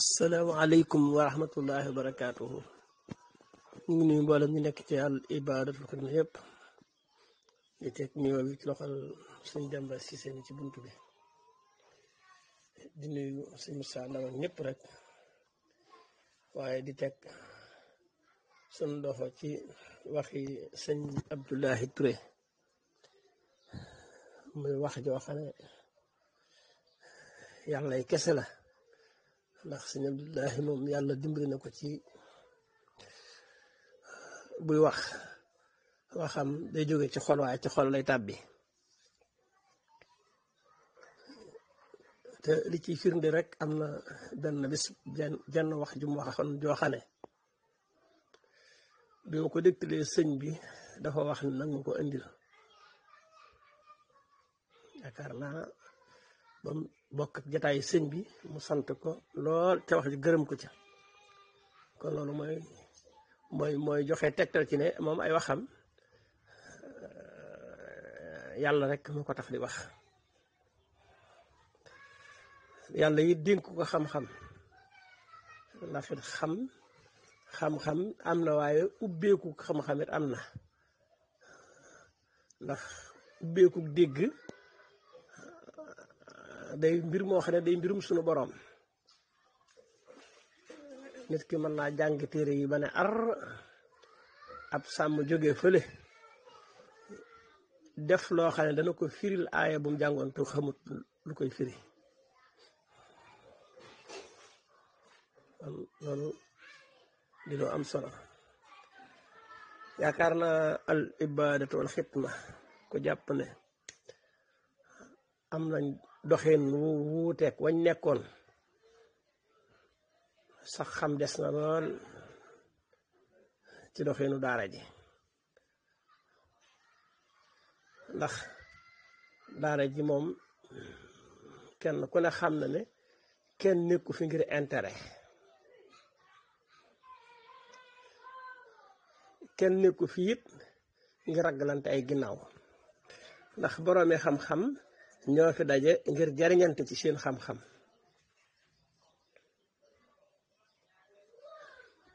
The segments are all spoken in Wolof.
asalaamaaleykum wa rahmatullahi wa barakaatuhu ñu ngi nuyu mboolem ñu nekk ci al ibaadatul xidma yëpp di teg nuyoo bi ci loxol suñ Demba Cissé ci buntu bi di nuyu suñ Moussa Ndama ñëpp rek waaye di teg suñ doxo ci waxi sëñ Abdoulahi Touré muy wax joo xam ne yàlla kese la. ndax sëñ Abdoulahi moom yàlla dimbali na ko ci ah, buy wax waxam day jóge ci xol waaye ci xol lay tàbbi te li ciy firnde rek am na benn bis jenn wax ju mu waxoon joo xane bi ma ko dégtalee sëñ bi dafa wax ne nag ma ko indil yaakaar naa bam bokk ak jataayu sëñ bi mu sant ko lool te wax ji gërëm ko ca kon loolu mooy mooy mooy joxe tegtal ci ne moom ay waxam eh, yàlla rek moo ko tax di wax yàlla yi dénk ko xam-xam lafit xam xam-xam am na waaye ubbeeku xam-xamit am na ndax ubbeeku dégg day mbir moo xam ne day mbirum sunu borom nit ki mën naa jàng téere yi ba ne ar ab sàmm jóge fële def loo xam ne dana ko firil aaya bu mu jàngoon te xamut lu koy firi loolu am solo yaakaar na al ibadatu wal xitma ku jàpp ne am nañ doxin wu wuuteeg wañ nekkoon sax xam des na lool ci doxinu daara ji ndax daara ji moom kenn ku ne xam na ne kenn nekku fi ngir intérêt kenn nekku fi it ngir raggalante ay ginnaaw ndax boroomi xam-xam ñoo fi daje ngir jariñante ci seen xam-xam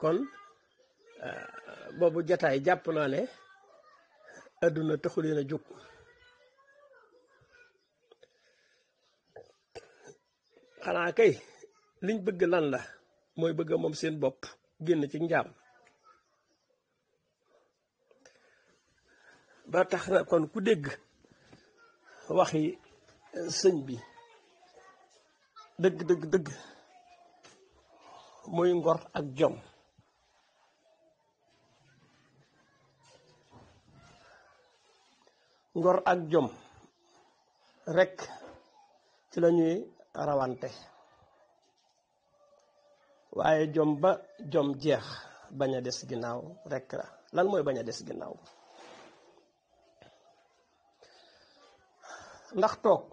kon euh, boobu jataay jàpp naa ne adduna taxul leen a jóg xanaa kay liñ bëgg lan la mooy bëgg moom seen bopp génn ci njaam ba tax na kon ku dégg wax sëñ bi dëgg dëgg dëgg mooy ngor ak jom ngor ak jom rekk ci lañuy ñuy rawante waaye jom ba jom jeex bañ a des ginnaaw rekk la lan mooy bañ a des ginnaaw ndax toog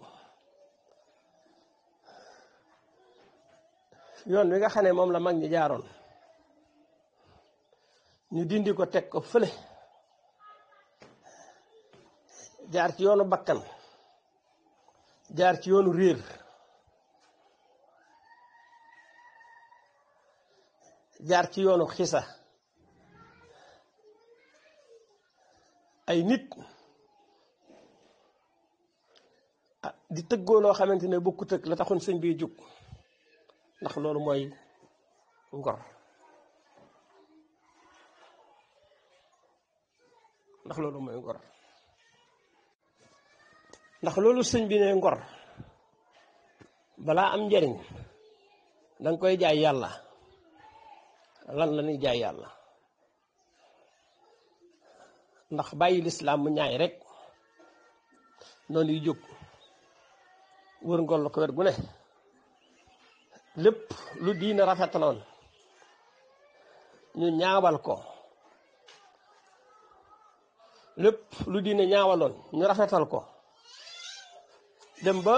yoon wi nga xam ne moom la mag ñi jaaroon ñu dindi ko teg ko fële jaar ci yoonu bakkan jaar ci yoonu réer jaar ci yoonu xisa ay nit ah, di tëggoo loo xamante ne bokkut ak la taxoon sëñ bi jug ndax loolu mooy ngor ndax loolu mooy ngor ndax loolu sëñ ngor balaa am njariñ danga koy jaay yàlla lan la ñuy jaay yàlla ndax bàyyi lislaam mu ñaay rek noonu yu jóg wër ngor la ko wet gu ne lépp lu diina rafetaloon ñu ñaawal ko lépp lu diina ñaawaloon ñu rafetal ko dem ba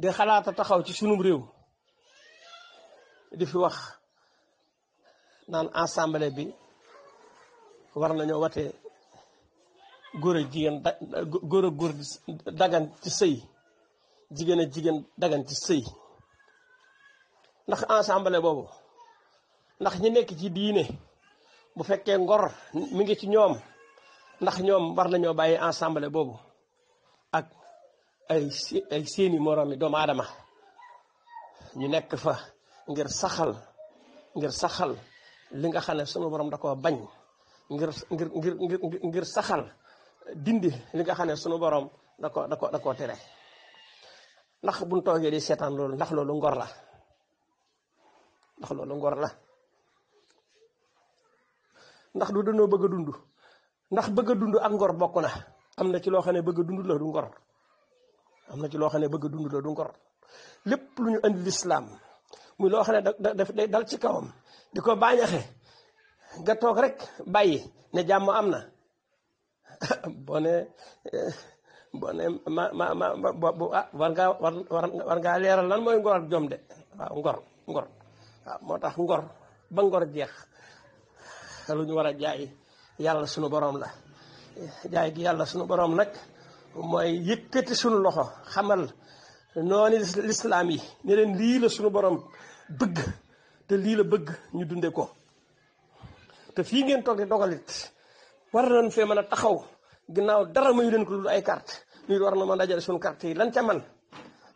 di xalaata taxaw ci sunum réew di fi wax naan assemblée bi war nañoo wate góor ak jigéen dagan ci sëy jigéen ak jigéen dagan ci sëy ndax ensemble boobu ndax ñi nekk ci diine bu fekkee ngor mi ngi ci ñoom ndax ñoom war nañoo bàyyi ensemble boobu ak ay ay seeni moroom doomu aadama ñu nekk fa ngir saxal ngir saxal li nga xam ne sunu borom da koo bañ ngir saxal dindi li nga xam ne sunu borom da ko da ko da koo tere ndax buñ toogee di seetaan loolu ndax loolu ngor la ndax loolu ngor la ndax du danoo bëgg a dund ndax bëgg dund ak ngor bokk na am na ci loo xam ne bëgg a dund la du ngor am na ci loo xam ne bëgg a dund lépp lu ñu andi lislaam muy loo xam ne da day dal ci kawam di ko baañaxe nga toog rek bàyyi ne jàmm am na boo ne eh, boo ne ma ma ma ah, war ngaa war war ngaa leeral lan mooy ngor ak jom de waaw ngor ngor waaw ah, moo tax ngor ba ngor jeex lu ñu war a jaay yàlla sunu borom la jaay gi yàlla sunu borom nag mooy yëkkati sunu loxo xamal noonu lislaam yi ne leen lii la sunu borom bëgg te lii la bëgg ñu dunde ko te fii ngeen toog di dogalit war nañ fee mën a taxaw ginnaaw dara mayu leen ko lu ay carte ñu war na mën a dajale sunu carte yi lan ca man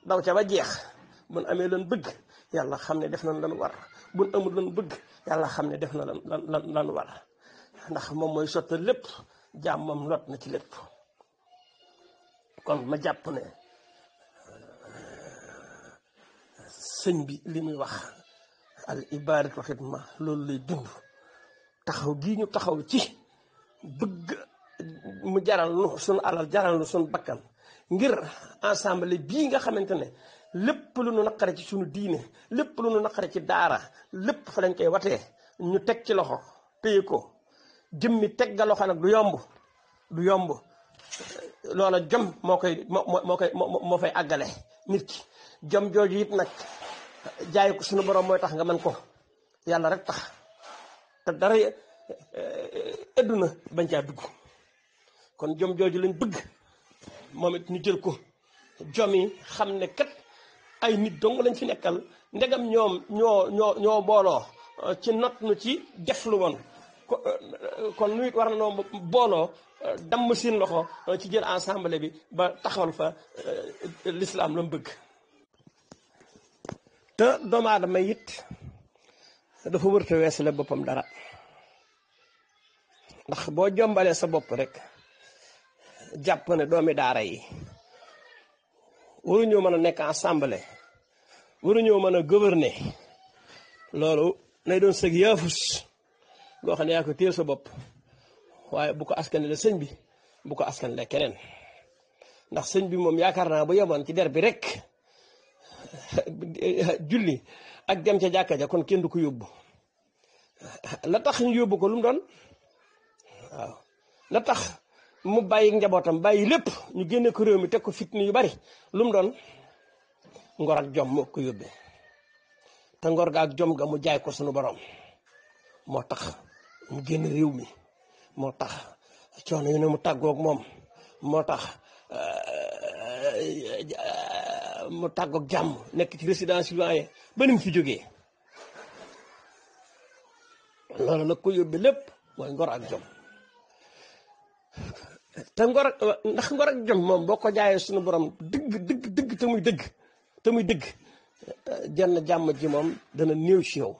daw ca ba jeex mun amee leen bëgg yàlla xam ne def na lan war buñ amul lan bëgg yàlla xam ne def na lan lan lan war ndax moom mooy sotta lépp jàmmam lot na ci lépp kon ma sëñ bi li muy wax al loolu lay dund taxaw gii ñu taxaw ci bëgg mu jaral nu suñu alal jaral nu suñu bakkan ngir ensemble bii nga xamante ne lépp lu nu naqare ci suñu diine lépp lu nu naqare ci daara lépp fa lañ koy watee ñu teg ci loxo téye ko jëmmi teg ga loxo nag du yomb du yomb loola jom moo koy moo moo fay àggale nit ki jom jooju it nag jaay ko suñu borom mooy tax nga mën ko yàlla rek tax te dara edduna eh, eh, bañ caa dugg kon jom jooju lañ bëgg moom ñu jël ko jom yi xam ne kat ay nit dong lañ ci nekkal ndegam ñoom ñoo ñoo ñoo booloo euh, ci not nu ci def lu woon euh, kon nu war na noo booloo euh, damm seen loxo ci jël ensemble bi ba taxawal fa lislaam la mu bëgg te doomu aadama it dafa wërta wees la boppam dara ndax boo jombalee sa bopp rek jàpp ne doomi daara yi waruñoo mën a nekk ensemble ñëw mën a gouverner loolu nay doon sëg yaafus loo xam yaa ko téel sa bopp waaye bu ko askanale sëñ bi bu ko askanale keneen ndax sëñ bi moom yaakaar naa bu yemoon ci der bi rek julli ak dem ca jàkka ja kon kenn du ko yóbbu la tax ñu yóbbu ko lu doon waaw la tax mu bàyyi njabootam bàyyi lépp ñu génne ko réew mi teg ko fitna yu bari lu mu doon. ngor ak jom moo ko yóbbee te ngor ga ak jom ga mu jaay ko sunu borom moo tax mu génn réew mi moo tax coono yu ne mu tàggoog moom moo tax euh, mu tàggoog jàmm nekk ci résidence citoyenne ba ni mu fi jógee loolu la ko yóbbee lépp mooy ngor ak jom te ngor ndax ngor jom moom boo ko jaayee sunu borom dëgg dëgg te muy dëgg te muy dëgg jenn jàmm ji moom dana néew ci yow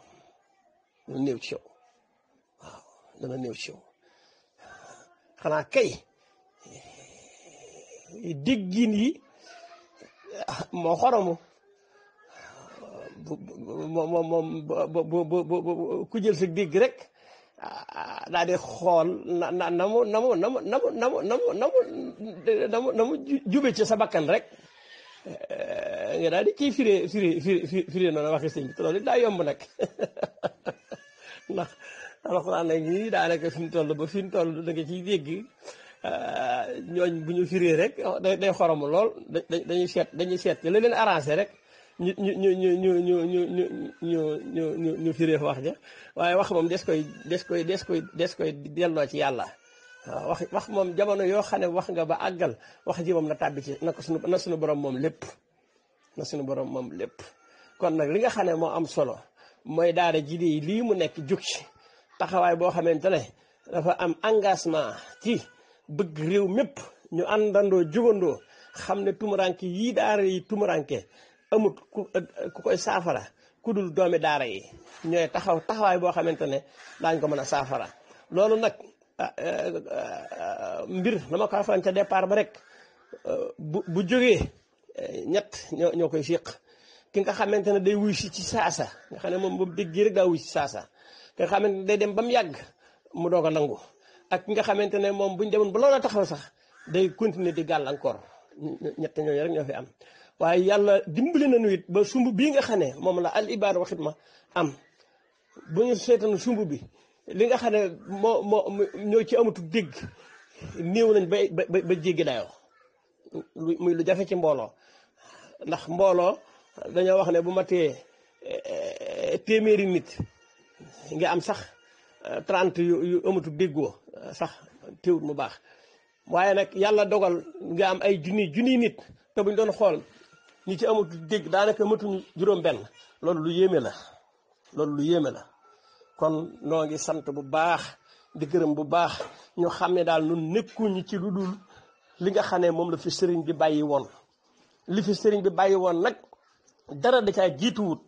dana néew ci yow waaw dana néew ci yow xanaa kay eh, déggin yi ah, moo xoromu moom moom ku jël sa dégg rek ah, daal xool na na na mu na mu na mu na mu na mu jube ci sa bakkan rek eh, nga daal di ciy firé firé firé firé noonu waxi sëñ bi te loolu daa yomb nag ndax alxuraan nag ñii daanaka fi mu toll ba fi mu toll da nga ciy dégg ñooñ bu ñu firé rek day xoromu lool dañuy seet dañuy seet la leen arrangé rek ñu ñu ñu ñu ñu ñu ñu ñu ñu ñu ñu firé wax ja waaye wax moom des koy des koy des koy des koy delloo ci yàlla waaw wax wax moom jamono yoo xam ne wax nga ba àggal wax ji moom na tàbbi ci na ko sunu na sunu borom moom lépp na suñu borom moom lépp kon nag li nga xam ne moo am solo mooy daara ji di lii mu nekk jug taxawaay boo xamante ne dafa am engagement ci bëgg réew mépp ñu àndandoo jubandoo xam ne tumuranke yii daara yi tumuranke amut ku koy saafara ku dul doomi daara yi ñooy taxaw taxawaay boo xamante ne daañ ko mën a saafara loolu nag ah, eh, eh, mbir dama ko waxoon ca départ ba rek eh, bu jógee ñett ñoo koy séq ki nga xamante ne day wuy si ci saasa nga xam ne moom boobu dégg rek daa wuy saasa ki nga day dem ba mu yàgg mu doog a nangu ak ki nga xamante ne moom bu ñu demoon ba loola taxaw sax day di gàllankoor ñett ñooñu rek ñoo fi am. waaye yàlla dimbali nañu it ba sumb bii nga xam ne moom la al ibaada waxit ma am bu ñu seetaan sumb bi li nga xam ne moo moo ñoo ci amatul dégg néew nañ ba ba ba jéggi dayoo. muy lu jafe ci mbooloo ndax mbooloo dañoo wax ne bu matee eh, eh, téeméeri nit ngi am sax eh, trente yu yu déggoo sax teewut mu baax waaye nag yàlla dogal ngi am ay junni junni nit te buñ doon xool ñi ci amatu dégg daanaka amatuñu juróom-benn loolu lu yéeme la loolu lu yéeme la kon noo ngi sant bu baax di gërëm bu baax ñu xam ne daal ñun nekkuñu ci lu dul li nga xam ne moom la fi sëriñ bi bàyyi woon li fi sëriñ bi bàyyi woon nag dara da caa jiituwut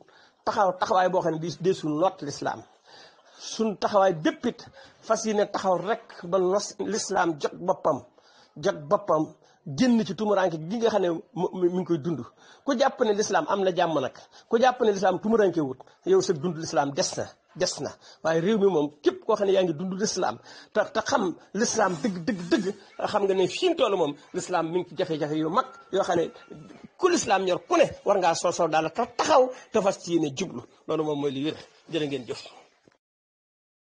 taxaw taxawaay boo xam ne di dee su noot lislaam suñ taxawaay béppit fas yi ne taxaw rek ba nos lislaam jot boppam jot boppam génn ci tumuranke gi nga xam ne mi ngi koy dund ku jàpp ne lislaam am na jàmm nag ku jàpp ne lislaam tumuranke wut yow sa dund lislaam des na des na waaye réew mi moom képp koo xam ne yaa ngi dund lislaam te te xam lislaam dëgg dëgg dëgg xam nga ne fii mu toll moom lislaam mi ngi ci jafe-jafe yu mag yoo xam ne ku lislaam ñor ku ne war ngaa sol sol daal te taxaw te fas ci yéene jublu loolu moom mooy li wér jërë ngeen jëf